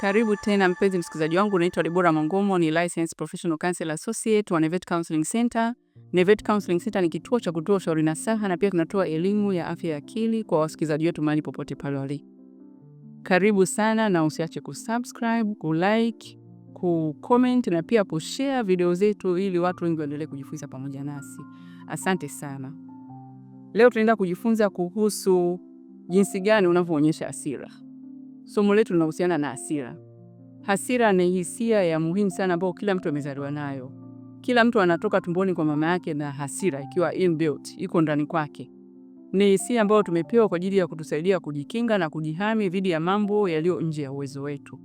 Karibu tena mpenzi msikilizaji wangu, naitwa Debora Mongomo, ni licensed professional counselor associate wa Nevet Counseling Center. Nevet Counseling Center ni kituo cha kutoa ushauri na saha na pia tunatoa elimu ya afya ya akili kwa wasikilizaji wetu mahali popote pale wali. Karibu sana na usiache kusubscribe, kulike, kucomment na pia kushare video zetu ili watu wengi waendelee kujifunza pamoja nasi. Asante sana. Leo tunaenda kujifunza kuhusu jinsi gani unavyoonyesha hasira. Somo letu linahusiana na hasira. Hasira ni hisia ya muhimu sana ambayo kila mtu amezaliwa nayo. Kila mtu anatoka tumboni kwa mama yake na hasira ikiwa inbuilt, iko ndani kwake. Ni hisia ambayo tumepewa kwa ajili ya kutusaidia kujikinga na kujihami dhidi ya mambo yaliyo nje ya uwezo wetu,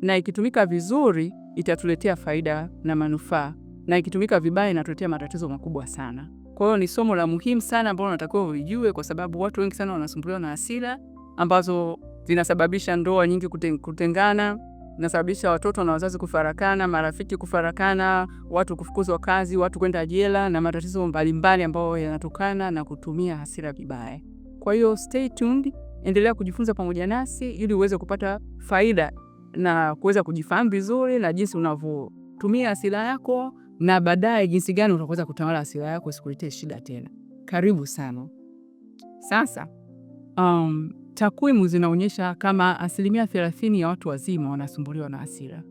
na ikitumika vizuri itatuletea faida na manufaa, na ikitumika vibaya inatuletea matatizo makubwa sana. Kwa hiyo ni somo la muhimu sana ambalo natakiwa ujue, kwa sababu watu wengi sana wanasumbuliwa na hasira ambazo zinasababisha ndoa nyingi kutengana, zinasababisha watoto na wazazi kufarakana, marafiki kufarakana, watu kufukuzwa kazi, watu kwenda jela na matatizo mbalimbali ambayo yanatokana na kutumia hasira vibaya. Kwa hiyo stay tuned, endelea kujifunza pamoja nasi ili uweze kupata faida na kuweza kujifahamu vizuri na jinsi unavyotumia hasira yako na baadaye jinsi gani utakuweza kutawala hasira yako isikulete shida tena. Karibu sana. Sasa Um, takwimu zinaonyesha kama asilimia thelathini ya watu wazima wanasumbuliwa na hasira.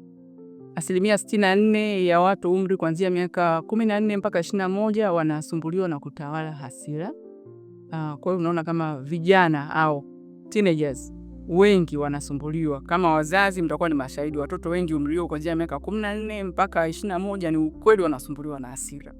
Asilimia sitini na nne ya watu umri kuanzia miaka kumi na nne mpaka ishirini na moja wanasumbuliwa na kutawala hasira. Uh, kwa hiyo unaona kama vijana au teenagers wengi wanasumbuliwa. Kama wazazi, mtakuwa ni mashahidi, watoto wengi umri huo kuanzia miaka kumi na nne mpaka ishirini na moja ni ukweli wanasumbuliwa na hasira.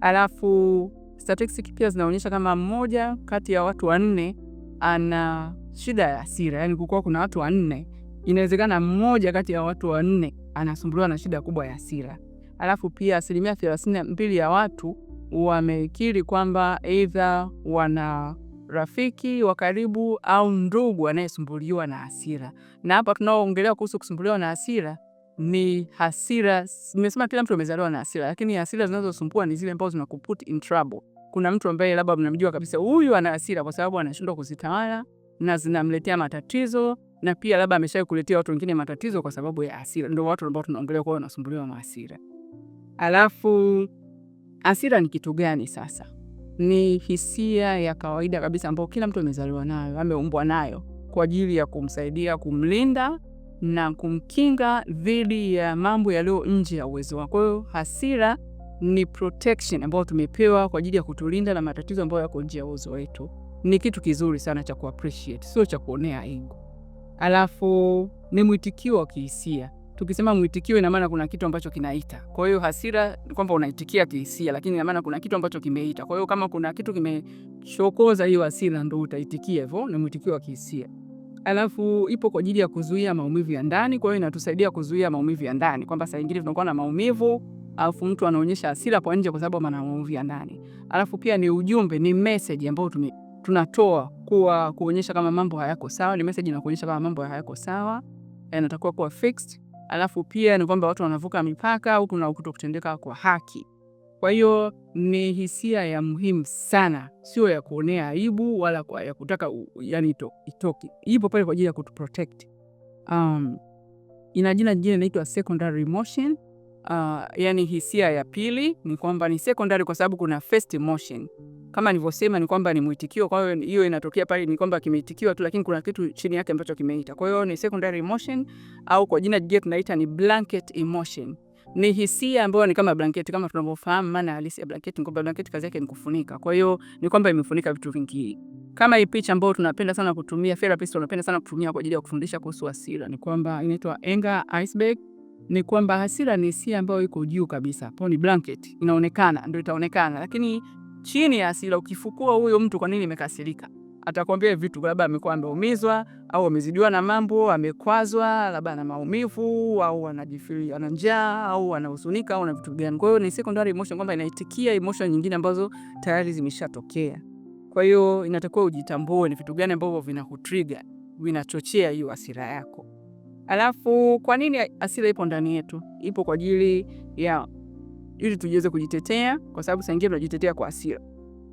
Alafu statistics pia zinaonyesha kama mmoja kati ya watu wanne ana shida ya hasira, yani kukuwa kuna watu wanne, inawezekana mmoja kati ya watu wanne anasumbuliwa na shida kubwa ya hasira. Alafu pia asilimia thelathini na mbili ya watu wamekiri kwamba eidha wana rafiki wa karibu au ndugu anayesumbuliwa na hasira. Na hapa tunaoongelea kuhusu kusumbuliwa na hasira ni hasira, nimesema kila mtu amezaliwa na hasira, lakini hasira zinazosumbua ni zile ambazo zinakuput in trouble, kuna mtu ambaye labda mnamjua kabisa huyu ana hasira kwa sababu anashindwa kuzitawala na zinamletea matatizo, na pia labda ameshawahi kuletea watu wengine matatizo kwa sababu ya hasira. Ndio watu ambao tunaongelea kwao wanasumbuliwa na hasira. Alafu hasira ni kitu gani sasa? Ni hisia ya kawaida kabisa ambayo kila mtu amezaliwa nayo, ameumbwa nayo kwa ajili ya kumsaidia, kumlinda na kumkinga dhidi ya mambo yaliyo nje ya uwezo wake. Kwa hiyo hasira ni protection ambayo tumepewa kwa ajili ya kutulinda na matatizo ambayo yako nje ya uwezo wetu, ni kitu kizuri sana cha kuappreciate, sio cha kuonea aibu. Alafu ni mwitikio wa kihisia. Tukisema mwitikio, ina maana kuna kitu ambacho kinaita. Kwa hiyo hasira ni kwamba unaitikia kihisia, lakini ina maana kuna kitu ambacho kimeita. Kwa hiyo kama kuna kitu kimechokoza hiyo hasira, ndo utaitikia hivyo, ni mwitikio wa kihisia. Alafu ipo kwa ajili ya kuzuia maumivu ya ndani. Kwa hiyo inatusaidia kuzuia maumivu ya ndani, kwamba saa nyingine tunakuwa na maumivu alafu mtu anaonyesha hasira kwa nje kwa sababu ana maumivu ya ndani. Alafu pia ni ujumbe, ni message ambayo tunatoa kuwa kuonyesha kama mambo hayako sawa, ni message na kuonyesha kama mambo hayako sawa, yanatakiwa kuwa fixed. Alafu pia ni kwamba watu wanavuka mipaka au kuna kutendeka kwa haki. Kwa hiyo ni hisia ya muhimu sana, sio ya kuonea aibu wala kwa ya kutaka yani itoke, ipo pale kwa ajili ya kutuprotect. Um, ina jina jingine inaitwa secondary emotion. Uh, yani hisia ya pili ni kwamba ni secondary kwa sababu kuna first emotion. Kama nilivyosema ni kwamba ni mwitikio, kwa hiyo hiyo inatokea pale ni kwamba kimeitikiwa tu, lakini kuna kitu chini yake ambacho kimeita. Kwa hiyo ni secondary emotion au kwa jina jingine tunaita ni blanket emotion. Ni hisia ambayo ni kama blanket, kama tunavyofahamu maana halisi ya blanket ni kwamba blanket kazi yake ni kufunika. Kwa hiyo ni kwamba imefunika vitu vingi. Kama hii picha ambayo tunapenda sana kutumia, therapist wanapenda sana kutumia kwa ajili ya kufundisha kuhusu hasira, ni kwamba inaitwa anger iceberg ni kwamba hasira ni hisia ambayo iko juu kabisa, ni blanket inaonekana, ndio itaonekana. Lakini chini ya hasira, ukifukua huyo mtu, kwa nini amekasirika, atakwambia vitu, labda amekuwa ameumizwa au amezidiwa na mambo, amekwazwa labda na maumivu, au anajifili ana njaa, au anahuzunika, au na vitu gani. Kwa hiyo ni secondary emotion, kwamba inaitikia emotion nyingine ambazo tayari zimeshatokea. Kwa hiyo inatakiwa ujitambue ni vitu gani ambavyo vinakutrigger, vinachochea hiyo hasira yako. Alafu kwa nini asila ipo ndani yetu? Ipo kwa ajili ya ili tujiweze kujitetea, kwa sababu saa nyingine tunajitetea kwa asila.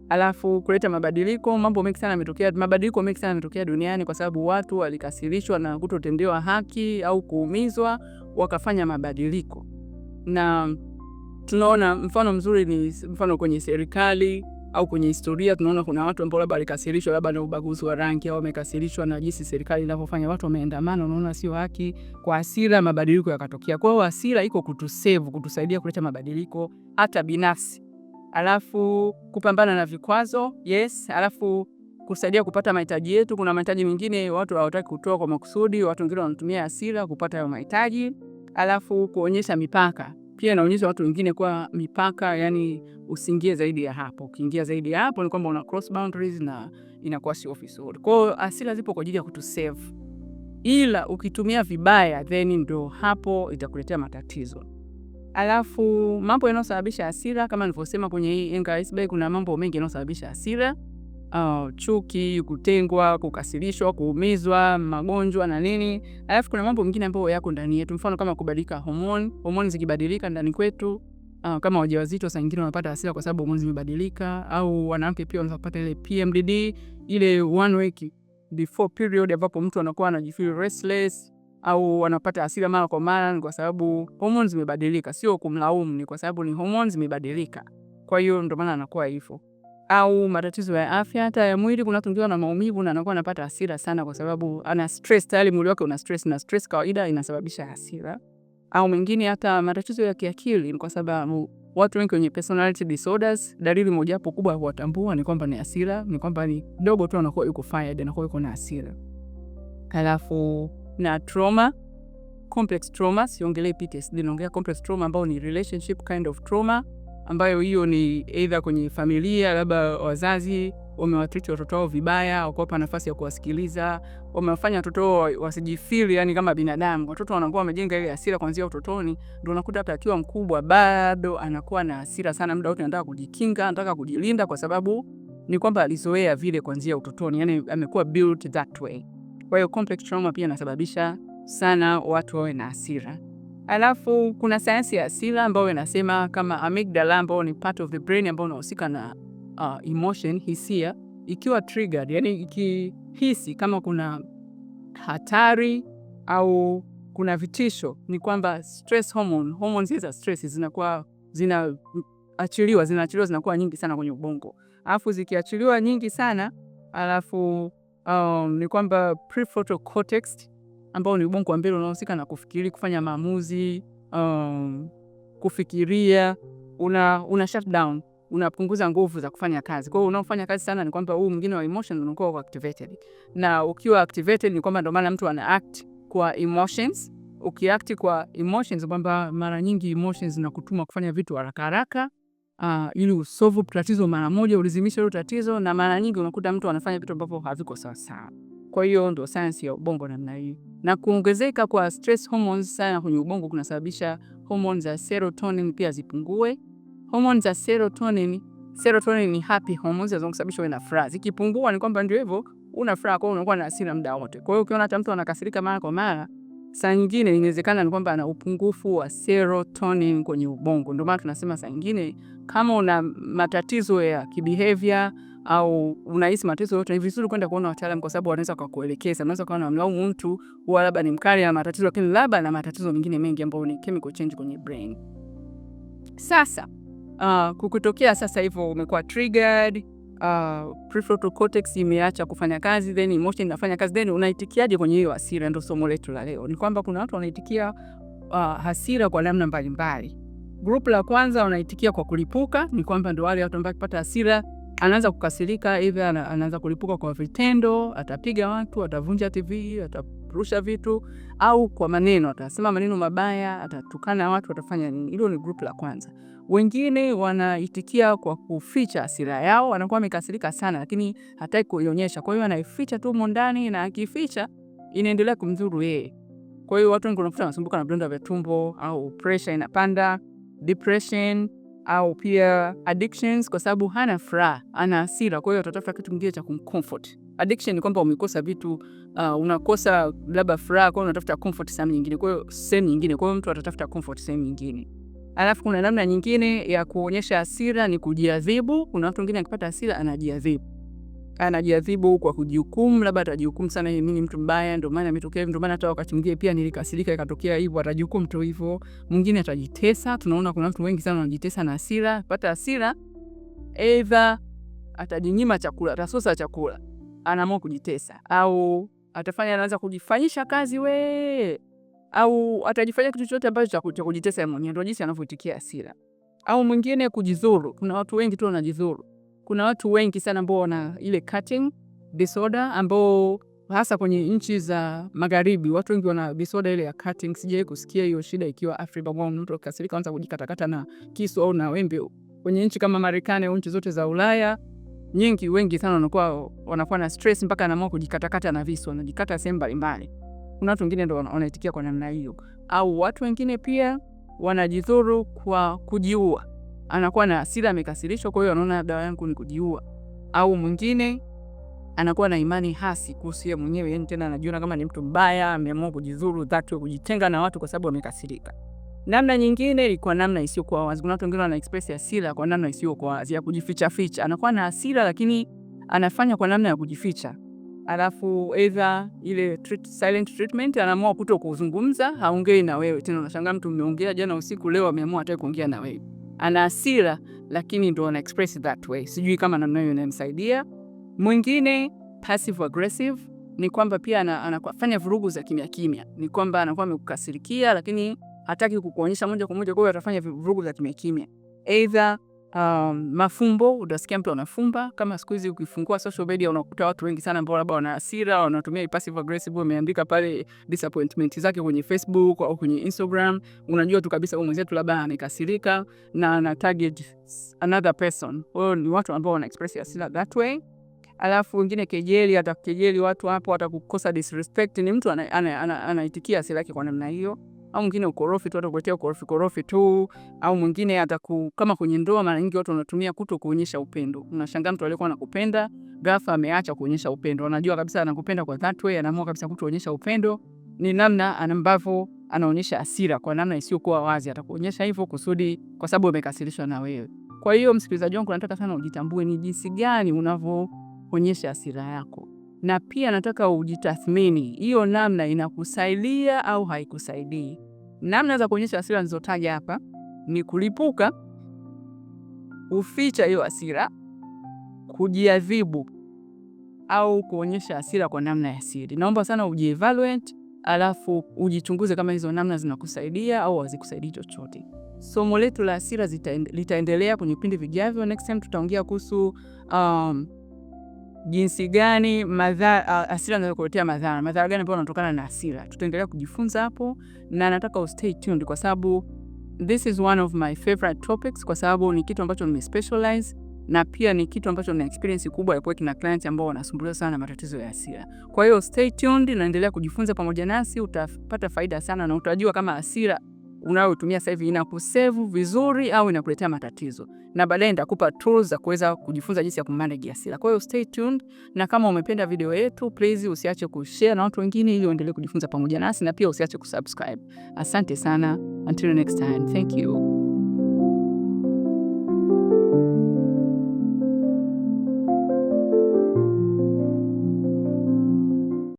Alafu kuleta mabadiliko. Mambo mengi sana yametokea, mabadiliko mengi sana yametokea duniani kwa sababu watu walikasirishwa na kutotendewa haki au kuumizwa, wakafanya mabadiliko, na tunaona mfano mzuri ni mfano kwenye serikali au kwenye historia tunaona kuna watu ambao labda walikasirishwa labda na ubaguzi wa rangi au wamekasirishwa na jinsi serikali inavyofanya, watu wameandamana, unaona sio haki, kwa hasira mabadiliko yakatokea. Kwa hiyo hasira iko kutusevu, kutusaidia kuleta mabadiliko hata binafsi, alafu kupambana na vikwazo yes, alafu kusaidia kupata mahitaji yetu. Kuna mahitaji mengine watu hawataki kutoa kwa makusudi, watu wengine wanatumia hasira kupata hayo mahitaji, alafu kuonyesha mipaka pia inaonyesha watu wengine kwa mipaka, yani usiingie zaidi ya hapo. Ukiingia zaidi ya hapo ni kwamba una cross boundaries na inakuwa sio vizuri. Kwa hiyo asila zipo kwa ajili ya kutusave, ila ukitumia vibaya, then ndo hapo itakuletea matatizo. Alafu mambo yanayosababisha hasira, kama nilivyosema kwenye hii Anger Iceberg, kuna mambo mengi yanayosababisha hasira uh, chuki, kutengwa, kukasirishwa, kuumizwa, magonjwa na nini. Alafu kuna mambo mengine ambayo yako ndani yetu, mfano kama kubadilika homoni. Homoni zikibadilika ndani kwetu, uh, kama wajawazito, saa nyingine wanapata hasira kwa sababu homoni zimebadilika, au wanawake pia wanaweza kupata ile PMDD, ile one week before period, ambapo mtu anakuwa anajifeel restless au wanapata hasira mara kwa mara, kwa sababu homoni zimebadilika. Sio kumlaumu, ni kwa sababu ni homoni zimebadilika. Kwa hiyo ndio maana anakuwa hivyo au matatizo ya afya hata ya mwili, Kuna watu kunatungiwa na maumivu na anakuwa anapata hasira sana, kwa sababu ana stress tayari, mwili wake una stress, na stress kawaida inasababisha hasira. Au mengine hata matatizo ya kiakili, kwa sababu watu wengi wenye personality disorders, dalili mojawapo kubwa ya kuwatambua ni kwamba ni hasira, ni kwamba ni dogo tu anakuwa yuko fired, anakuwa yuko na hasira. Alafu na trauma, complex trauma, siongelee PTSD, naongelea complex trauma ambao ni relationship kind of trauma ambayo hiyo ni aidha kwenye familia, labda wazazi wamewatriti watoto wao vibaya, wakawapa nafasi ya kuwasikiliza, wamewafanya watoto wao wasijifili yani kama binadamu. Watoto wanakuwa wamejenga ile hasira kuanzia utotoni, ndo unakuta hata akiwa mkubwa bado anakuwa na hasira sana, muda wote anataka kujikinga, anataka kujilinda, kwa sababu ni kwamba alizoea vile kuanzia utotoni, yani amekuwa built that way. Kwa hiyo complex trauma pia inasababisha sana watu wawe na hasira. Alafu kuna sayansi ya asili ambayo inasema kama amygdala ambayo ni part of the brain ambayo unahusika na uh, emotion, hisia ikiwa triggered, yani ikihisi kama kuna hatari au kuna vitisho, ni kwamba stress hormone, hormones hizi za stress zinakuwa zinaachiliwa zinaachiliwa zinakuwa nyingi sana kwenye ubongo, alafu zikiachiliwa nyingi sana alafu um, ni kwamba prefrontal cortex ambao ni ubongo wa mbele unahusika na kufikiri, kufanya maamuzi, um, kufikiria, una, una shutdown, unapunguza nguvu za kufanya kazi. Kwa hiyo unaofanya kazi sana ni kwamba huu mwingine wa emotions unakuwa activated, na ukiwa activated ni kwamba ndio maana mtu ana act kwa emotions. Ukiact kwa emotions kwamba mara nyingi emotions zinakutuma kufanya vitu haraka haraka Uh, ili usolve tatizo mara moja, ulizimisha hilo tatizo, na mara nyingi unakuta mtu anafanya vitu ambavyo haviko sawa sawa. Kwa hiyo ndio science ya ubongo namna hii na kuongezeka kwa stress hormones sana kwenye ubongo kunasababisha hormones za serotonin pia zipungue. Hormones za serotonin, serotonin ni happy hormones zinazosababisha uwe na furaha. Zikipungua ni kwamba ndio hivyo, una furaha kwa unakuwa na hasira muda wote. Kwa hiyo ukiona hata mtu anakasirika mara kwa mara, saa nyingine inawezekana ni kwamba ana upungufu wa serotonin kwenye ubongo. Ndio maana tunasema saa nyingine kama una matatizo ya kibehavior au unahisi mateso yote, ni vizuri kwenda kuona wataalamu, kwa sababu wanaweza wakakuelekeza. Unaweza kuwa na mlaumu mtu huwa labda ni mkali na matatizo, lakini labda na matatizo mengine mengi ambayo ni chemical change kwenye brain. Sasa uh, kukutokea sasa hivyo umekuwa triggered Uh, prefrontal cortex imeacha kufanya kazi, then emotion inafanya kazi, then unaitikiaje kwenye hiyo hasira? Ndio somo letu la leo, ni kwamba kuna watu wanaitikia uh, hasira kwa namna mbalimbali. Group la kwanza wanaitikia kwa kulipuka, ni kwamba ndio wale watu ambao wakipata hasira anaanza kukasirika hivi, anaanza kulipuka kwa vitendo, atapiga watu, atavunja TV, atarusha vitu, au kwa maneno, atasema maneno mabaya, atatukana watu, atafanya nini. Hilo ni grupu la kwanza. Wengine wanaitikia kwa kuficha hasira yao, anakuwa amekasirika sana, lakini hataki kuionyesha, kwa hiyo anaificha tu mondani, na akificha inaendelea kumdhuru yeye. Kwa hiyo watu wengi wanakuta wanasumbuka na vidonda vya tumbo au presha inapanda, depression au pia addictions, kwa sababu hana furaha, ana hasira, kwa hiyo atatafuta kitu kingine cha kumcomfort. Addiction ni kwamba umekosa vitu uh, unakosa labda furaha, kwa hiyo unatafuta comfort sehemu nyingine, kwa hiyo sehemu nyingine, kwa hiyo mtu atatafuta comfort sehemu nyingine. Alafu kuna namna nyingine ya kuonyesha hasira ni kujiadhibu. Kuna watu wengine akipata hasira anajiadhibu anajiadhibu kwa kujihukumu, labda atajihukumu sana, mimi ni mtu mbaya, ndio maana ametokea hivi, ndio maana hata wakati mwingine pia nilikasirika ikatokea hivyo, atajihukumu tu hivyo. Mwingine atajitesa, tunaona kuna watu wengi sana wanajitesa na hasira, pata hasira, eva atajinyima chakula, atasosa chakula, anaamua kujitesa, au atafanya anaanza kujifanyisha kazi we, au atajifanyia kitu chochote ambacho cha kujitesa mwenyewe, ndio jinsi anavyoitikia hasira. Au mwingine kujizuru, kuna watu wengi tu wanajizuru kuna watu wengi sana ambao wana ile cutting disorder ambao hasa kwenye nchi za magharibi watu wengi wana disorder ile ya cutting. Sijai kusikia hiyo shida ikiwa Afrika kwa mtu kasirika anza kujikatakata na kisu au na wembe. Kwenye nchi kama Marekani au nchi zote za Ulaya nyingi, wengi sana wanakuwa wanakuwa na stress mpaka anaamua kujikatakata na visu, wanajikata sehemu mbalimbali. Kuna watu wengine ndo wanaitikia kwa namna hiyo, au watu wengine pia wanajidhuru kwa kujiua anakuwa na hasira, amekasirishwa, kwa hiyo anaona dawa yangu ni kujiua. Au mwingine anakuwa na imani hasi kuhusu yeye mwenyewe, yani tena anajiona kama ni mtu mbaya, ameamua kujizuru dhatu, kujitenga na watu kwa sababu amekasirika. Namna nyingine ilikuwa namna isiyokuwa wazi. Kuna watu wengine wana express hasira kwa namna isiyokuwa wazi, ya kujificha ficha. Anakuwa na hasira lakini anafanya kwa namna ya kujificha, alafu either ile treat, silent treatment, anaamua kuto kuzungumza, haongei na wewe tena. Unashangaa mtu mmeongea jana usiku, leo ameamua hata kuongea na wewe ana hasira lakini ndo ana express that way. Sijui kama namna hiyo inamsaidia. Mwingine passive aggressive ni kwamba pia anafanya vurugu za kimya kimya, ni kwamba anakuwa amekukasirikia, lakini hataki kukuonyesha moja kwa moja, kwa hiyo atafanya vurugu za kimya kimya, either Um, mafumbo, utasikia mtu anafumba. Kama siku hizi ukifungua social media unakuta watu wengi sana ambao labda wana hasira, wanatumia passive aggressive, wameandika pale disappointment zake kwenye Facebook au kwenye Instagram. Unajua tu kabisa huyu mwenzetu labda amekasirika na ana target another person. Wao ni watu ambao wana express hasira that way. Alafu wengine kejeli, atakejeli watu hapo, atakukosa disrespect. Ni mtu anaitikia ana, ana, ana hasira yake kwa namna hiyo au mwingine ukorofi tu, atakuletea ukorofi korofi tu, au mwingine ataku kama kwenye ndoa, mara nyingi watu wanatumia kuto kuonyesha upendo. Unashangaa mtu aliyekuwa anakupenda ghafla ameacha kuonyesha upendo, anajua kabisa anakupenda kwa that way, anaamua kabisa kutoonyesha upendo. Ni namna ambavyo anaonyesha hasira kwa namna isiyokuwa wazi, atakuonyesha hivyo kusudi, kwa sababu amekasirishwa na wewe. Kwa hiyo msikilizaji wangu, nataka sana ujitambue ni jinsi gani unavyoonyesha hasira yako, na pia nataka ujitathmini, hiyo namna inakusaidia au haikusaidii. Namna za kuonyesha hasira nilizotaja hapa ni kulipuka, kuficha hiyo hasira, kujiadhibu au kuonyesha hasira kwa namna ya siri. Naomba sana ujievaluate, alafu ujichunguze kama hizo namna zinakusaidia au hazikusaidii chochote. Somo letu la hasira litaendelea kwenye vipindi vijavyo. Next time tutaongea kuhusu um, jinsi gani madhara hasira inazokuletea madhara, madhara gani ambayo yanatokana na hasira. Tutaendelea kujifunza hapo, na nataka ustay tuned kwa sababu this is one of my favorite topics, kwa sababu ni kitu ambacho nime specialize na pia ni kitu ambacho nina experience kubwa ya kuweka na client ambao wanasumbuliwa sana na matatizo ya hasira. Kwa hiyo stay tuned, naendelea kujifunza pamoja nasi, utapata faida sana na utajua kama hasira unayotumia sasa hivi inakusevu vizuri au inakuletea matatizo, na baadaye nitakupa tools za kuweza kujifunza jinsi ya kumanage hasira. Kwa hiyo stay tuned, na kama umependa video yetu please usiache kushare na watu wengine, ili uendelee kujifunza pamoja nasi, na pia usiache kusubscribe. Asante sana, until next time, thank you.